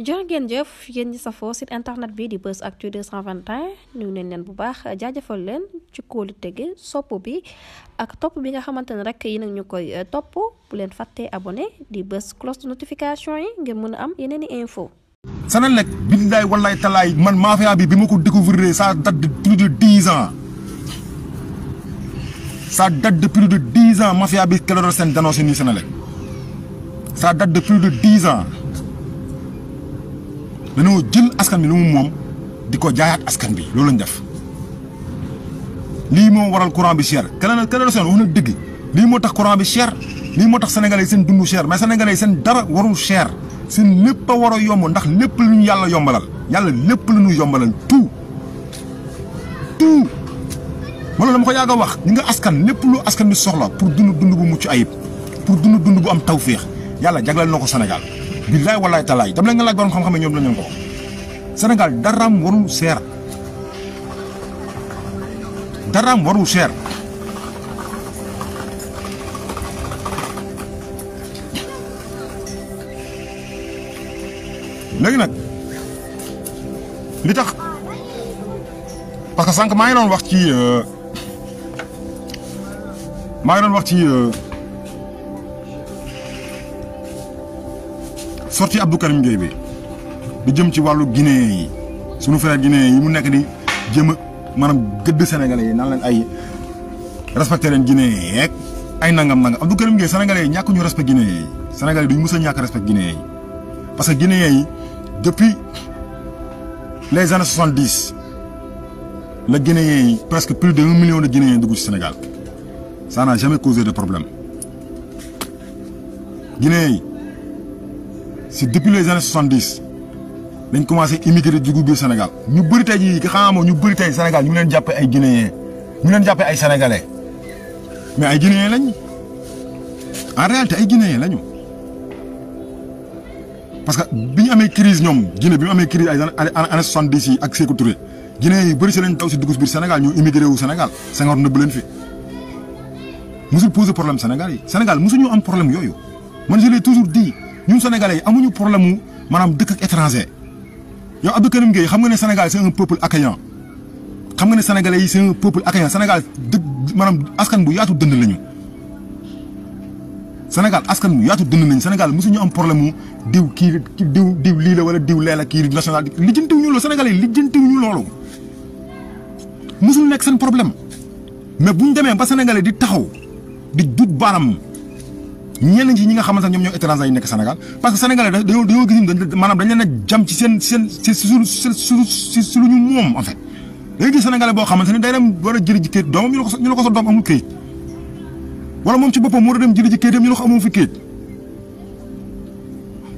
jërë ngeen jëf yéen ñi sa site internet bi di Buzz Actu 221 ñu neen leen bu baax jaajafal leen ci kóolu tege sopp bi ak topp bi nga xamante ne rek yi nag ñu koy eh, topp bu leen fàttee abonné di bës cloche de notification yi ngir mën a am yeneen i info Senelec bindaay wallaay talaay man mafia bi bi ma ko découvrir ça date de plus de dix ans ça date ans mafia bi Clédor Sène dénoncé nii Senelec ça date de plus de ans dañoo jël askan bi lu mu moom di ko jaayaat askan bi loolu lañ def lii moo waral courant bi cher keneen keneen seen wax na dëgg lii moo tax courant bi cher lii moo tax yi seen dund cher mais sénégalais seen dara warul cher seen lépp a war a yomb ndax lépp lu ñu yàlla yombalal yàlla lépp lu ñu yombalal tout tout wala dama ko yàgg wax ñi nga askan lépp lu askan bi soxla pour dund dund bu mucc ayib pour dund dund bu am tawféex yàlla jagleel na ko Sénégal billaay walaay talaay tam la nga laaj borom xam-xam ñoom la ñu ko Sénégal daraam warul seer daraam warul seer léegi nag li tax parce que sànq maa ngi doon wax ci euh, maa ngi doon wax ci. Euh, sorti Abdou Karim Gueye bi di jëm ci wàllu Guinée yi sunu frère Guinée yi mu nekk di jëm a maanaam gëdd Sénégalais yi nan leen ay respecté leen Guinée yi yeeg ay nangam-nangam Abdou Karim Gueye Sénégalais yi ñàkk ñu respect Guinée yi Sénégalais yi duñ mës a ñàkk respect Guinée yi parce que Guinée yi depuis les années soixante dix la Guinéen yi presque plus de un million de Guinéens dugg ci senegal ça n'a jamais causé de problème Guinéen yi si depuis les années soixante dix dañ commencé immigré dugub biir Sénégal ñu bëri tey jii xam nga ñu bëri tey Sénégal ñu ngi leen jàppee ay guinéens ñu leen jàppee ay sénégalais mais ay yi lañ en réalité ay guinéens lañu. parce que bi ñu amee crise ñoom Guinée bi mu amee crise ay années soixante dix yi ak Sékou Touré Guinée yu bëri si lañ taw si dugub biir Sénégal ñu immigré wu Sénégal Senghor nëbb leen fi musul poser problème Sénégal yi Sénégal musuñu am problème yooyu ñun sénégalais yi amuñu problème mu maanaam dëkk ak étranger yow Abdou Karim Gueye xam nga ne Sénégal c'est un peuple accueillant xam nga ne sénégalais yi si un peuple accueillant Sénégal dëkk maanaam askan bu yaatu dënd lañu. Sénégal askan bu yaatu dënd nañu Sénégal ñu am problème mu diw kii diw diw lii la wala diw lee la kii national lijjantiwuñu loolu sénégalais yi lijjantiwuñu loolu mosul nekk seen problème mais buñ demee ba sénégalais di taxaw di dut baaraam. ñenn ci ñi nga xamante ne ñoom ñoo étranger yi nekk Sénégal parce que sénégalais dañoo gis dañ maanaam dañ leen a seen seen si suñu si boo xamante ne day dem war a jëli ji kayit doomam ñu la ko ñu ko sa doom amul kayit wala moom si boppam moo a dem jëli ji kayitam ñu la ko amul fi kayit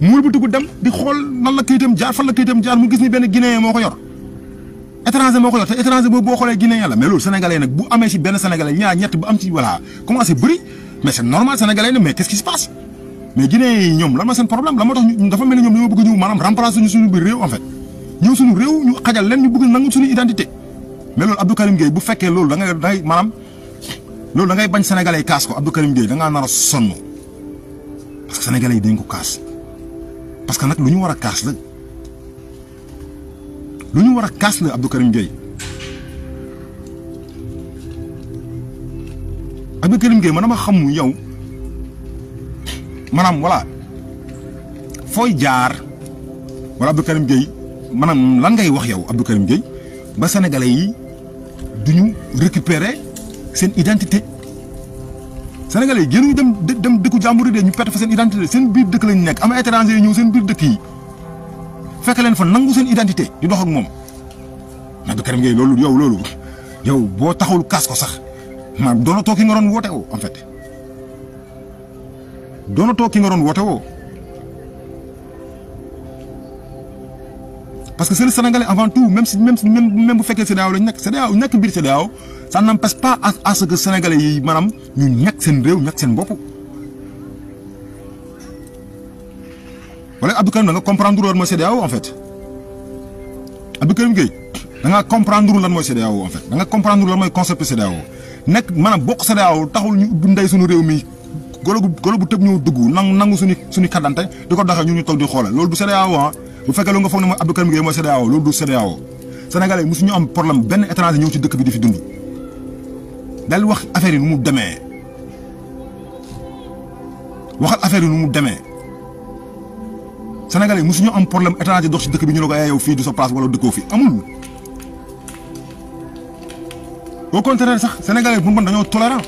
muur bi dugg dem di xool nan la kayitam jaar fan la kayitam jaar mu gis ni benn guinéen moo ko yor étranger moo ko yor te étranger boobu boo xoolee guinéen la mais loolu sénégalais nag bu amee ci benn sénégalais ñaar ñett bu am ci voilà commencé bëri mais c'est normal sénégalais ne mais qu'est-ce qui mais Guinée ñoom lan ma seen problème la moo tax dafa mel ni ñoom dañoo bëgg ñëw maanaam remplacer ñu suñu biir réew en fait ñëw suñu réew ñu xajal leen ñu bëgg nangu suñu identité mais loolu Abdou Karim bu fekkee loolu da ngay da ngay maanaam loolu da ngay bañ sénégalais yi kaas ko Abdou Karim Gueye nara ngaa nar a sonn yi dañ ko kaas parce que nag lu ñu war a kaas la lu ñu war a kaas la Abdou Karim Abdou Karim Gueye man dama xamul yow maanaam voilà fooy jaar wala Abdou Karim Gueye maanaam lan ngay wax yow Abdou Karim Gueye ba sénégalais yi duñu récupérer seen identité sénégalais yi génnuñu dem dem dëkku jàmbur de ñu perte fa seen identité seen biir dëkk lañu nekk am ay étrangers yi ñëw seen biir dëkk yi fekk leen fa nangu seen identité di dox ak moom Abdou Karim Gueye loolu yow loolu yow boo taxul kaas ko sax. ma doonatoo ki nga doon woote woo en fait ki nga doon woote woo parce que c'est le Sénégalais avant tout même si même bu fekkee CEDEAO lañ nekk CEDEAO nekk biir CEDEAO ça n'empêche pas à ce que Sénégalais yi maanaam ñu ñàkk seen réew ñàkk seen bopp. wala Abdou Karim da nga comprendre lan mooy CEDEAO en fait Abdou Karim Gueye da nga comprendre lan mooy CEDEAO en fait da nga comprendre lan mooy concept CEDEAO nekk maanaam bokk CEDEAO taxul ñu ubbi ndey sunu réew mi golo gu golo bu tëb ñu dugg nangu nangu suñu suñu kàddante di ko doxee ñu ñu toog di xoolal loolu du CEDEAO ah. bu fekkee lu nga foog ne mooy Abdou Karim mooy CEDEAO loolu du CEDEAO sénégalais mosuñu am problème benn étranger ñëw ci dëkk bi di fi dund daal wax affaire yi nu mu demee waxal affaire yi mu demee sénégalais mosuñu am problème étranger dox ci dëkk bi ñu ne ko eh, yow fii du sa place wala dëkkoo fi au contraire sax sénégalais bu mu mën dañoo tolérant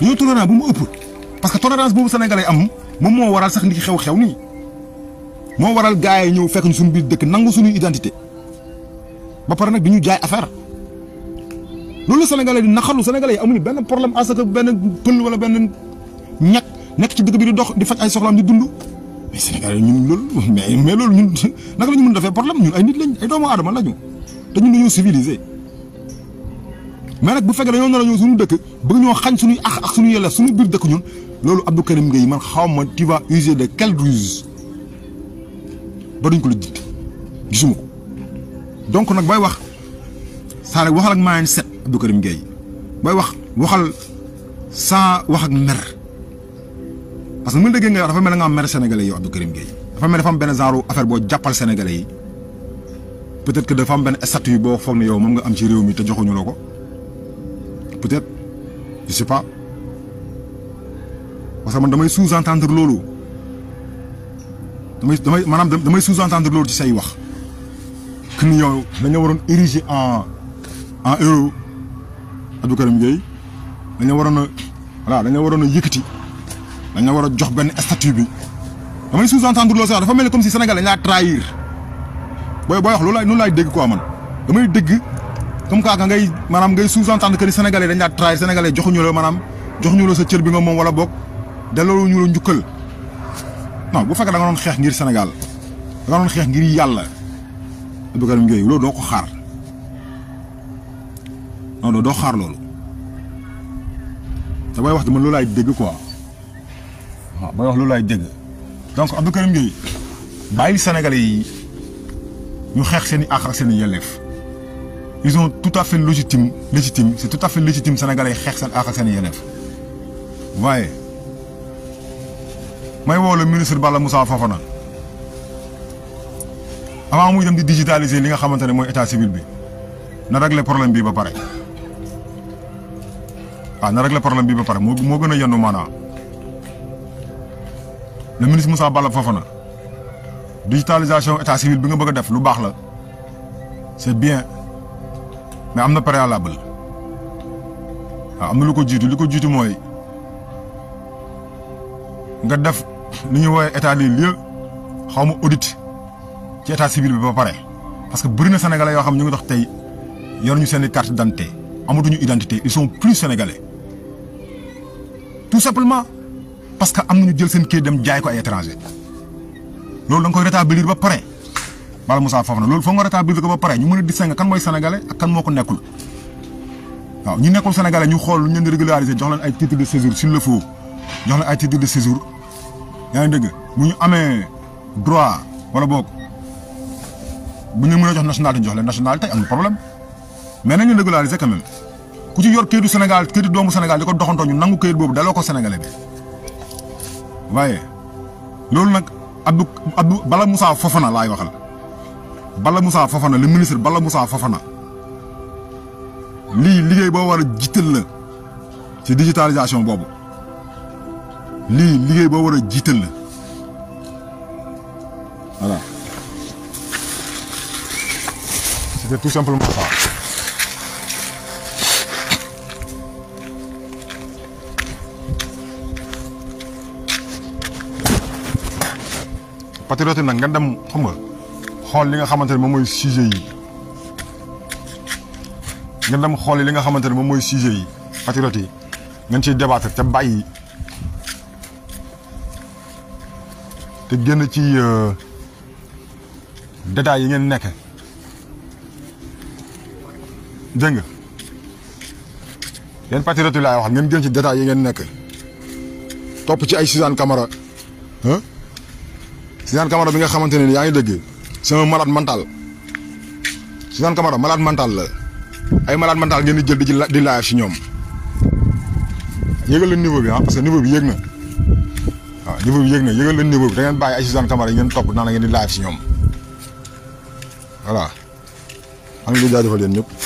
dañoo tolérant bu mu ëpp parce que tolérance boobu sénégalais am moom moo waral sax li xew-xew nii moo waral gars yi ñëw fekk ñu suñu biir dëkk nangu suñuy identité ba pare nag di ñu jaay affaire loolu sénégalais di naxalu sénégalais yi amuñu benn problème à ce que benn pël wala benn ñàkk nekk ci dëkk bi di dox di faj ay soxlaam di dund mais sénégalais ñun loolu mais mais loolu ñun naka la mun mën a defee problème ñun ay nit lañ ay doomu adama lañu te ñun dañoo civilisé. mais nag bu fekkee dañoo nar a ñëw suñu dëkk bëgg ñoo xañ suñuy ax ak suñu yella suñu biir dëkk ñun loolu Abdou Karim Gueye man xaw ma tu vas user de quelle ruse ba duñ ko lu jiit gisuma ko donc nag booy wax saa rek waxal ak mindset Abdou Karim Gueye bay wax waxal saa wax ak mer parce que mu déggee nga yow dafa mel ne nga am mer sénégalais yow Abdou Karim Gueye dafa mel dafa am benn genre affaire boo jàppal sénégalais yi peut-être que dafa am benn boo foog ne yow nga am ci réew mi te joxuñu la ko. peut-être je sais pas parce que man damay sous-entendre loolu damay damay maanaam damay sous-entendre loolu ci say wax que ni yow dañoo waroon ériger en en euro Abdou Karim Gueye dañoo waroon a voilà dañoo waroon a yëkkati dañoo war a jox benn statut bi damay sous-entendre loolu sax dafa mel ni comme si Sénégal dañ laa trahir booy booy wax loolu laay noonu laay dégg quoi man damay dégg. comme quoi que ngay maanaam ngay sous-entendre que ni sénégalais dañ laa trahir sénégalais joxuñu la maanaam joxuñu la sa cër bi nga moom wala boog delloo ñu la njukkal non bu fekkee da nga doon xeex ngir Sénégal xeex ngir yàlla Aboubacar Ndiaye loolu doo ko xaar non doo xaar loolu te booy wax dama loolu laay dégg quoi waaw booy wax loolu laay dégg donc Aboubacar Ndiaye bàyyi sénégalais yi ñu xeex seen i àq yelleef ison ont tout à fait légitime légitime c'est tout à fait légitime sénégalais yi xeex seen àq ak seen yelleef waaye may woo le ministre Balla Moussa Fofana avant muy dem di digitaliser li nga xamante ne mooy état civil bi na régler problème bi ba pare waaw ah, na régler problème bi ba pare moo moo gën a yendu maanaam le ministre Moussa Balla Fofana digitalisation état civil bi nga bëgg a def lu baax la c'est bien mais am na préalable waaw ah, am na lu ko jiitu lu ko jiitu mooy nga def li ñuy woowee état des lieux xaw ma audit ci état civil bi ba pare parce que bëri na sénégalais yoo xam ñu ngi tax tey yor ñu seen i carte d'identité amatuñu identité ils sont plus sénégalais tout simplement parce que am ñu jël seen kii dem jaay ko ay étranger loolu da nga koy rétablir ba pare. bala Moussa Fofana loolu foog nga rétablir ko ba pare ñu mën a distinguer kan mooy sénégalais ak kan moo ko nekkul waaw ñu nekkul sénégalais ñu xool lu ñu leen di jox leen ay titre de séjour s'il le faut ay titre de séjour yaa ngi dëgg bu ñu amee droit wala boog bu ñu mën jox nationalité ñu jox leen nationalité am na problème mais nañu régulariser quand même ku ci yor këyitu Sénégal këyitu doomu Sénégal di ko doxantoo ñu nangu këyit boobu daloo ko sénégalais loolu nag Abdou Abdou bala Moussa Fofana laay waxal. Balla Moussa Fofana le ministre Balla Moussa Fofana lii liggéey boo war a jiital la ci digitalisation boobu lii liggéey boo war a jiital la voilà c'était nag nga dem xam nga. xool li nga xamante ne moom mooy sujet yi ngeen dem xool li nga xamante ne moom mooy sujet yi patriote yi ngeen ciy débattre te bàyyi te génn ci euh, détails yi ngeen nekk dégg nga yéen patriote yi laay wax ngeen génn ci détails yi ngeen nekk topp ci ay Suzanne Camara ah Suzanne Camara bi nga xamante ne yaa ngi dëgg c'est un malade mental Suzanne Camara malade mental la ay malade mental ngeen di jël di di laaj si ñoom yëgal leen niveau bi ah parce que niveau bi yëg na waaw niveau bi yëg na yëgal leen niveau bi da ngeen bàyyi ay Suzanne Camara yi ngeen topp naan la ngeen di laaj si ñoom voilà. am nga jaajëfal yéen ñëpp.